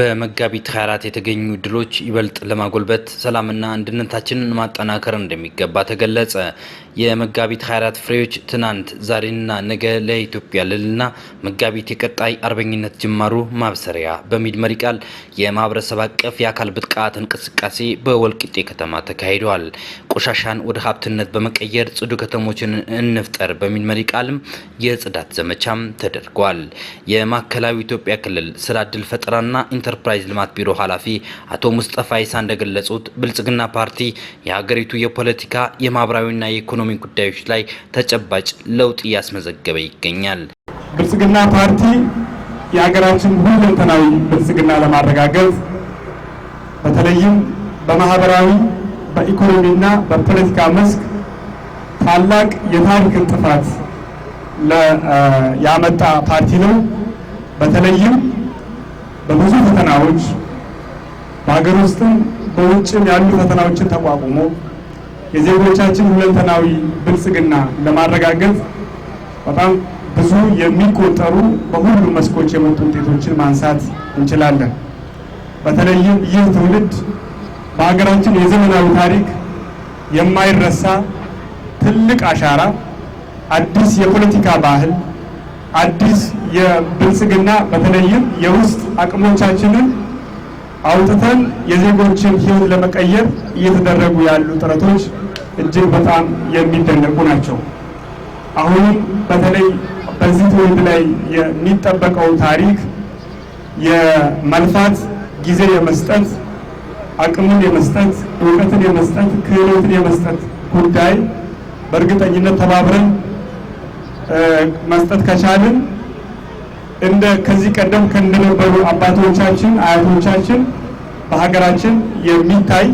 በመጋቢት 24 የተገኙ ድሎች ይበልጥ ለማጎልበት ሰላምና አንድነታችንን ማጠናከር እንደሚገባ ተገለጸ። የመጋቢት 24 ፍሬዎች ትናንት፣ ዛሬና ነገ ለኢትዮጵያ ልልና መጋቢት የቀጣይ አርበኝነት ጅማሩ ማብሰሪያ በሚል መሪ ቃል የማህበረሰብ አቀፍ የአካል ብቃት እንቅስቃሴ በወልቂጤ ከተማ ተካሂዷል። ቆሻሻን ወደ ሀብትነት በመቀየር ጽዱ ከተሞችን እንፍጠር በሚል መሪ ቃልም የጽዳት ዘመቻም ተደርጓል። የማዕከላዊ ኢትዮጵያ ክልል ስራ ዕድል ፈጠራና ኢንተርፕራይዝ ልማት ቢሮ ኃላፊ አቶ ሙስጠፋ ይሳ እንደገለጹት ብልጽግና ፓርቲ የሀገሪቱ የፖለቲካ የማህበራዊና የኢኮኖሚ ጉዳዮች ላይ ተጨባጭ ለውጥ እያስመዘገበ ይገኛል። ብልጽግና ፓርቲ የሀገራችን ሁለንተናዊ ብልጽግና ለማረጋገጥ በተለይም በማህበራዊ በኢኮኖሚና በፖለቲካ መስክ ታላቅ የታሪክ እንጥፋት ያመጣ ፓርቲ ነው። በተለይም በብዙ ፈተናዎች በሀገር ውስጥም በውጭም ያሉ ፈተናዎችን ተቋቁሞ የዜጎቻችን ሁለንተናዊ ብልጽግና ለማረጋገጥ በጣም ብዙ የሚቆጠሩ በሁሉም መስኮች የመጡ ውጤቶችን ማንሳት እንችላለን። በተለይም ይህ ትውልድ በሀገራችን የዘመናዊ ታሪክ የማይረሳ ትልቅ አሻራ፣ አዲስ የፖለቲካ ባህል፣ አዲስ የብልጽግና በተለይም የውስጥ አቅሞቻችንን አውጥተን የዜጎችን ሕይወት ለመቀየር እየተደረጉ ያሉ ጥረቶች እጅግ በጣም የሚደነቁ ናቸው። አሁንም በተለይ በዚህ ትውልድ ላይ የሚጠበቀው ታሪክ የመልፋት ጊዜ የመስጠት አቅምን የመስጠት እውቀትን የመስጠት ክህሎትን የመስጠት ጉዳይ በእርግጠኝነት ተባብረን መስጠት ከቻልን እንደ ከዚህ ቀደም ከነበሩ አባቶቻችን አያቶቻችን በሀገራችን የሚታይ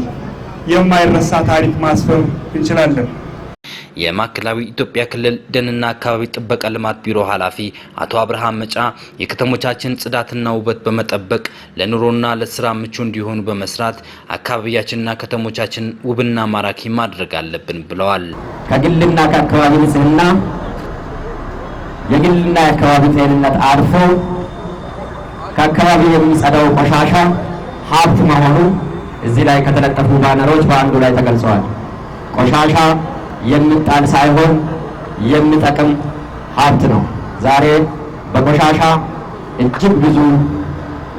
የማይረሳ ታሪክ ማስፈር እንችላለን። የማዕከላዊ ኢትዮጵያ ክልል ደንና አካባቢ ጥበቃ ልማት ቢሮ ኃላፊ አቶ አብርሃም መጫ የከተሞቻችን ጽዳትና ውበት በመጠበቅ ለኑሮና ለስራ ምቹ እንዲሆኑ በመስራት አካባቢያችንና ከተሞቻችን ውብና ማራኪ ማድረግ አለብን ብለዋል። ከግልና ከአካባቢ ንጽህና የግልና የአካባቢ ጤንነት አልፎ ከአካባቢ የሚጸዳው ቆሻሻ ሀብት መሆኑ እዚህ ላይ ከተለጠፉ ባነሮች በአንዱ ላይ ተገልጸዋል። ቆሻሻ የሚጣል ሳይሆን የሚጠቅም ሀብት ነው። ዛሬ በቆሻሻ እጅግ ብዙ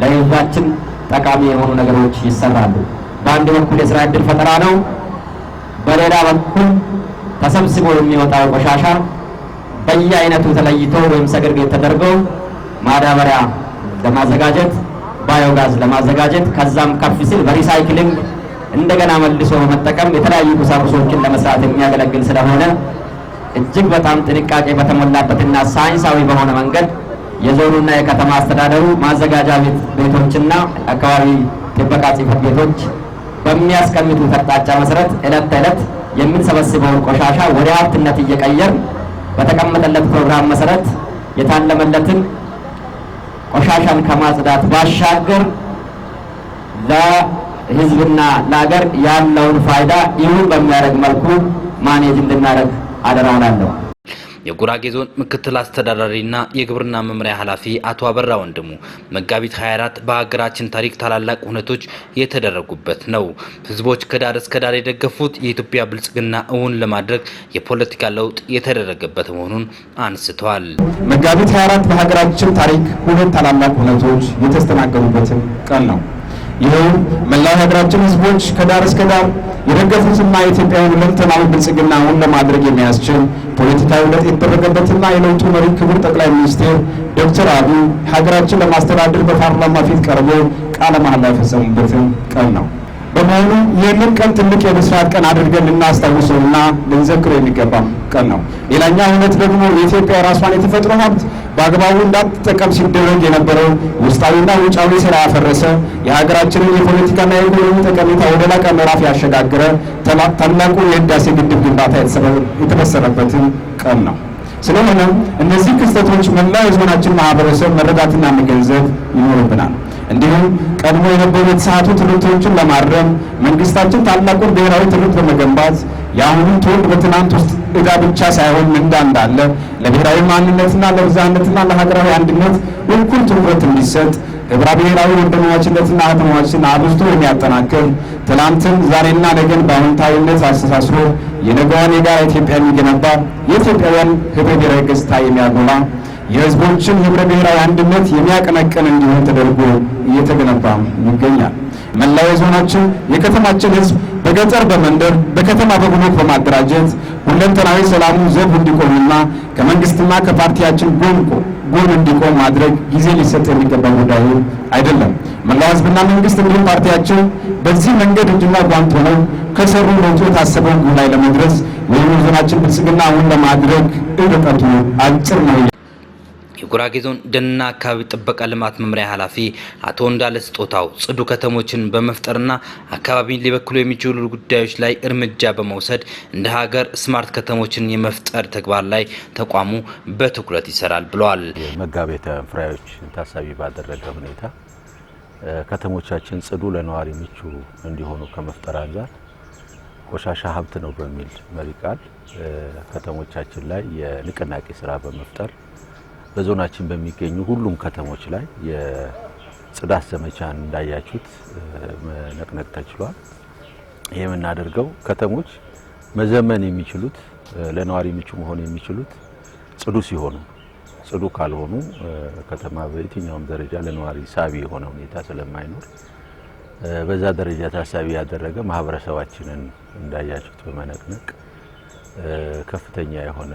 ለህዝባችን ጠቃሚ የሆኑ ነገሮች ይሰራሉ። በአንድ በኩል የስራ እድል ፈጠራ ነው። በሌላ በኩል ተሰብስቦ የሚወጣው ቆሻሻ በየአይነቱ ተለይቶ ወይም ሰግርጌት ተደርገው ማዳበሪያ ለማዘጋጀት ባዮጋዝ ለማዘጋጀት ከዛም ከፍ ሲል በሪሳይክሊንግ እንደገና መልሶ በመጠቀም የተለያዩ ቁሳቁሶችን ለመስራት የሚያገለግል ስለሆነ እጅግ በጣም ጥንቃቄ በተሞላበትና ሳይንሳዊ በሆነ መንገድ የዞኑና የከተማ አስተዳደሩ ማዘጋጃ ቤቶችና አካባቢ ጥበቃ ጽሕፈት ቤቶች በሚያስቀምጡ አቅጣጫ መሰረት ዕለት ተዕለት የምንሰበስበውን ቆሻሻ ወደ ሀብትነት እየቀየር በተቀመጠለት ፕሮግራም መሰረት የታለመለትን ቆሻሻን ከማጽዳት ባሻገር ለህዝብና ለሀገር ያለውን ፋይዳ ይሁን በሚያደርግ መልኩ ማኔጅ እንድናደርግ አደራ እላለሁ። የጉራጌ ዞን ምክትል አስተዳዳሪና የግብርና መምሪያ ኃላፊ አቶ አበራ ወንድሙ መጋቢት 24 በሀገራችን ታሪክ ታላላቅ ሁነቶች የተደረጉበት ነው። ህዝቦች ከዳር እስከ ዳር የደገፉት የኢትዮጵያ ብልጽግና እውን ለማድረግ የፖለቲካ ለውጥ የተደረገበት መሆኑን አንስተዋል። መጋቢት 24 በሀገራችን ታሪክ ሁለት ታላላቅ ሁነቶች የተስተናገዱበትን ቀን ነው። ይኸው መላ የሀገራችን ህዝቦች ከዳር እስከ ዳር የደገፉትና የኢትዮጵያን ሁለንተናዊ ብልጽግና እውን ለማድረግ የሚያስችል ፖለቲካዊ ለውጥ የተደረገበትና የለውጡ መሪ ክቡር ጠቅላይ ሚኒስትር ዶክተር አብይ ሀገራችን ለማስተዳደር በፓርላማ ፊት ቀርቦ ቃለ መሐላ የፈጸሙበትን ቀን ነው። በመሆኑ ይህንን ቀን ትልቅ የምስራት ቀን አድርገን ልናስታውሰውና ልንዘክሮ የሚገባም ቀን ነው። ሌላኛው እውነት ደግሞ የኢትዮጵያ የራሷን የተፈጥሮ ሀብት በአግባቡ እንዳትጠቀም ሲደረግ የነበረው ውስጣዊና ውጫዊ ስራ ያፈረሰ የሀገራችንን የፖለቲካና የኢኮኖሚ ጠቀሜታ ወደ ላቀ ምዕራፍ ያሸጋገረ ታላቁ የህዳሴ ግድብ ግንባታ የተበሰረበትን ቀን ነው። ስለሆነም እነዚህ ክስተቶች መላ የዞናችን ማህበረሰብ መረዳትና መገንዘብ ይኖርብናል። እንዲሁም ቀድሞ የነበሩ የተሳሳቱ ትርክቶችን ለማረም መንግስታችን ታላቁን ብሔራዊ ትርክት በመገንባት የአሁኑን ትውልድ በትናንት ውስጥ ብቻ ሳይሆን ምንዳ እንዳለ ለብሔራዊ ማንነትና ለብዝሃነትና ለሀገራዊ አንድነት እኩል ትኩረት እንዲሰጥ ህብረ ብሔራዊ ወንድማማችነትና እህትማማችነትን አብዝቶ የሚያጠናክር ትናንትን ዛሬና ነገን በአዎንታዊነት አስተሳስሮ የነገዋን የጋራ ኢትዮጵያ የሚገነባ የኢትዮጵያውያን ህብረ ብሔራዊ ገጽታ የሚያጎላ የህዝቦችን ህብረ ብሔራዊ አንድነት የሚያቀነቅን እንዲሆን ተደርጎ እየተገነባ ይገኛል። መላው የዞናችን የከተማችን ህዝብ በገጠር በመንደር በከተማ በጉልበት በማደራጀት ሁለንተናዊ ሰላሙ ዘብ እንዲቆምና ከመንግስትና ከፓርቲያችን ጎንቆ ጎን እንዲቆም ማድረግ ጊዜ ሊሰጥ የሚገባ ጉዳይ አይደለም። መላው ህዝብና መንግስት እንዲሁም ፓርቲያችን በዚህ መንገድ እጅና ጓንት ሆነው ከሰሩ ሮቶ የታሰበውን ጉዳይ ለመድረስ ወይም ዞናችን ብልጽግና አሁን ለማድረግ እርቀቱ አጭር ነው። የጉራጌ ዞን ደንና አካባቢ ጥበቃ ልማት መምሪያ ኃላፊ አቶ እንዳለ ስጦታው ጽዱ ከተሞችን በመፍጠርና አካባቢን ሊበክሉ የሚችሉ ጉዳዮች ላይ እርምጃ በመውሰድ እንደ ሀገር ስማርት ከተሞችን የመፍጠር ተግባር ላይ ተቋሙ በትኩረት ይሰራል ብለዋል። መጋቤተ ፍራዮች ታሳቢ ባደረገ ሁኔታ ከተሞቻችን ጽዱ፣ ለነዋሪ ምቹ እንዲሆኑ ከመፍጠር አንጻር ቆሻሻ ሀብት ነው በሚል መሪ ቃል ከተሞቻችን ላይ የንቅናቄ ስራ በመፍጠር በዞናችን በሚገኙ ሁሉም ከተሞች ላይ የጽዳት ዘመቻን እንዳያችሁት መነቅነቅ ተችሏል። ይህ የምናደርገው ከተሞች መዘመን የሚችሉት ለነዋሪ ምቹ መሆን የሚችሉት ጽዱ ሲሆኑ ጽዱ ካልሆኑ ከተማ በየትኛውም ደረጃ ለነዋሪ ሳቢ የሆነ ሁኔታ ስለማይኖር በዛ ደረጃ ታሳቢ ያደረገ ማህበረሰባችንን እንዳያችሁት በመነቅነቅ ከፍተኛ የሆነ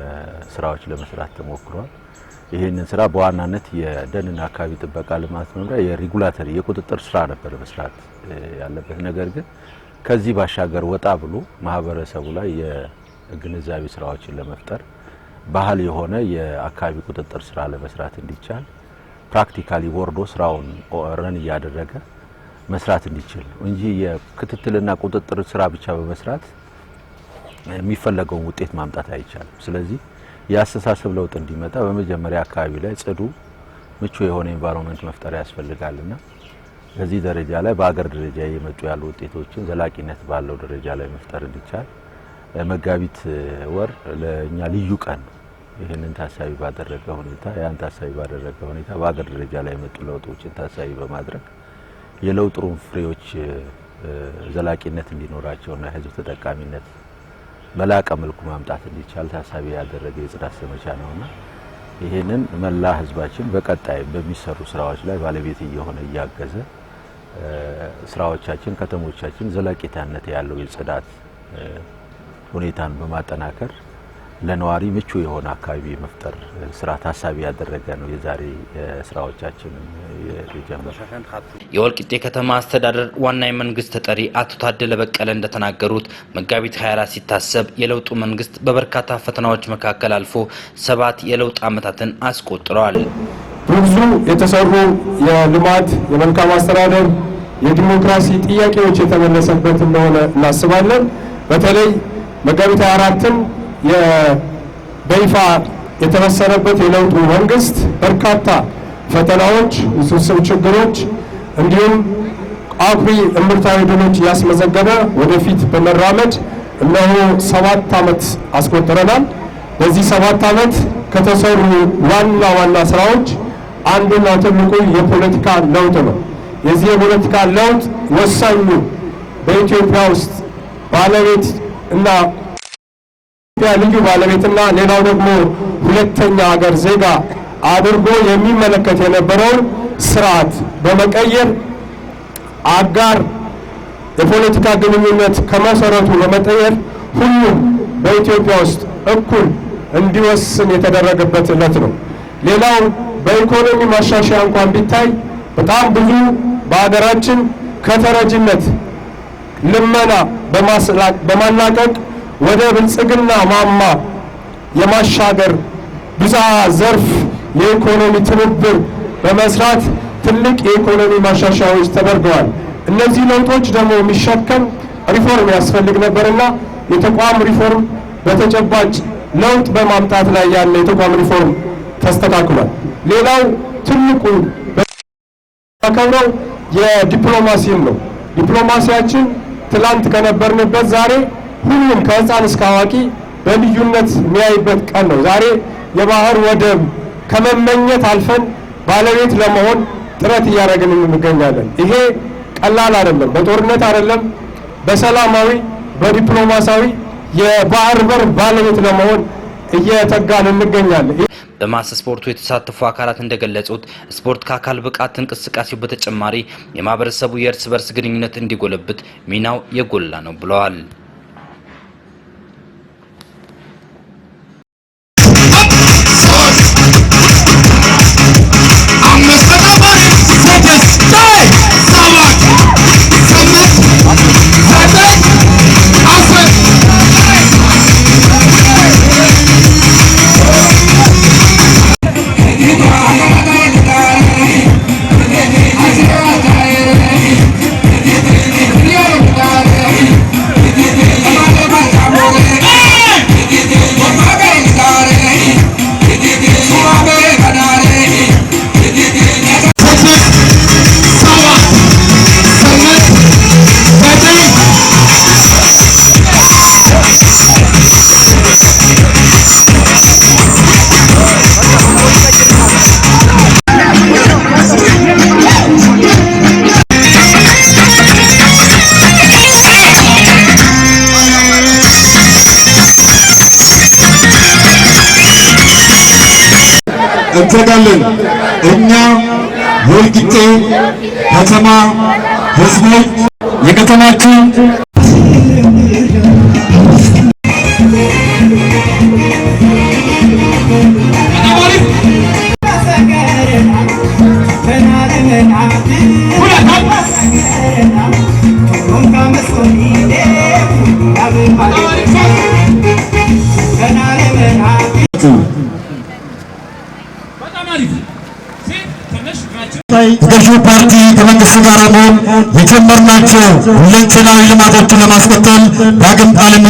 ስራዎች ለመስራት ተሞክሯል። ይህንን ስራ በዋናነት የደንና አካባቢ ጥበቃ ልማት መምሪያ የሬጉላተሪ የቁጥጥር ስራ ነበር መስራት ያለበት። ነገር ግን ከዚህ ባሻገር ወጣ ብሎ ማህበረሰቡ ላይ የግንዛቤ ስራዎችን ለመፍጠር ባህል የሆነ የአካባቢ ቁጥጥር ስራ ለመስራት እንዲቻል ፕራክቲካሊ ወርዶ ስራውን ረን እያደረገ መስራት እንዲችል እንጂ የክትትልና ቁጥጥር ስራ ብቻ በመስራት የሚፈለገውን ውጤት ማምጣት አይቻልም። ስለዚህ የአስተሳሰብ ለውጥ እንዲመጣ በመጀመሪያ አካባቢ ላይ ጽዱ፣ ምቹ የሆነ ኤንቫይሮንመንት መፍጠር ያስፈልጋልና በዚህ ደረጃ ላይ በአገር ደረጃ እየመጡ ያሉ ውጤቶችን ዘላቂነት ባለው ደረጃ ላይ መፍጠር እንዲቻል መጋቢት ወር ለእኛ ልዩ ቀን ይህንን ታሳቢ ባደረገ ሁኔታ ያን ታሳቢ ባደረገ ሁኔታ በአገር ደረጃ ላይ የመጡ ለውጦችን ታሳቢ በማድረግ የለውጥሩን ፍሬዎች ዘላቂነት እንዲኖራቸውና የሕዝብ ተጠቃሚነት በላቀ መልኩ ማምጣት እንዲቻል ታሳቢ ያደረገ የጽዳት ዘመቻ ነውና ይህንን መላ ህዝባችን በቀጣይ በሚሰሩ ስራዎች ላይ ባለቤት እየሆነ እያገዘ ስራዎቻችን ከተሞቻችን ዘላቂታነት ያለው የጽዳት ሁኔታን በማጠናከር ለነዋሪ ምቹ የሆነ አካባቢ መፍጠር ስራ ታሳቢ ያደረገ ነው። የዛሬ ስራዎቻችን የወልቂጤ ከተማ አስተዳደር ዋና የመንግስት ተጠሪ አቶ ታደለ በቀለ እንደተናገሩት መጋቢት 24 ሲታሰብ የለውጡ መንግስት በበርካታ ፈተናዎች መካከል አልፎ ሰባት የለውጥ ዓመታትን አስቆጥረዋል። ብዙ የተሰሩ የልማት የመልካም አስተዳደር የዲሞክራሲ ጥያቄዎች የተመለሰበት እንደሆነ እናስባለን። በተለይ መጋቢት 24ን በይፋ የተመሰረበት የለውጡ መንግስት በርካታ ፈተናዎች፣ ውስብስብ ችግሮች እንዲሁም አኩሪ እምርታዊ ድሎች እያስመዘገበ ወደፊት በመራመድ እነሆ ሰባት ዓመት አስቆጥረናል። በዚህ ሰባት ዓመት ከተሰሩ ዋና ዋና ስራዎች አንዱና ትልቁ የፖለቲካ ለውጥ ነው። የዚህ የፖለቲካ ለውጥ ወሳኙ በኢትዮጵያ ውስጥ ባለቤት እና የኢትዮጵያ ልዩ ባለቤትና ሌላው ደግሞ ሁለተኛ ሀገር ዜጋ አድርጎ የሚመለከት የነበረውን ስርዓት በመቀየር አጋር የፖለቲካ ግንኙነት ከመሰረቱ በመቀየር ሁሉም በኢትዮጵያ ውስጥ እኩል እንዲወስን የተደረገበት ዕለት ነው። ሌላው በኢኮኖሚ ማሻሻያ እንኳን ቢታይ በጣም ብዙ በሀገራችን ከተረጅነት ልመና በማላቀቅ ወደ ብልጽግና ማማ የማሻገር ብዝሃ ዘርፍ የኢኮኖሚ ትብብር በመስራት ትልቅ የኢኮኖሚ ማሻሻያዎች ተደርገዋል። እነዚህ ለውጦች ደግሞ የሚሸከም ሪፎርም ያስፈልግ ነበርና የተቋም ሪፎርም በተጨባጭ ለውጥ በማምጣት ላይ ያለ የተቋም ሪፎርም ተስተካክሏል። ሌላው ትልቁ ተከብረው የዲፕሎማሲን ነው። ዲፕሎማሲያችን ትላንት ከነበርንበት ዛሬ ሁሉም ከህፃን እስከ አዋቂ በልዩነት የሚያይበት ቀን ነው። ዛሬ የባህር ወደብ ከመመኘት አልፈን ባለቤት ለመሆን ጥረት እያደረግን እንገኛለን። ይሄ ቀላል አይደለም። በጦርነት አይደለም፣ በሰላማዊ በዲፕሎማሲያዊ የባህር በር ባለቤት ለመሆን እየተጋን እንገኛለን። በማስ ስፖርቱ የተሳተፉ አካላት እንደገለጹት ስፖርት ከአካል ብቃት እንቅስቃሴው በተጨማሪ የማህበረሰቡ የእርስ በርስ ግንኙነት እንዲጎለብት ሚናው የጎላ ነው ብለዋል። እንተጋለን። እኛ ወልቂጤ ከተማ ህዝቦች የከተማችን ከገዢው ፓርቲ ከመንግስት ጋር በመሆን የጀመርናቸው ሁለንተናዊ ልማቶችን ለማስቀጠል ዳግም ዓለም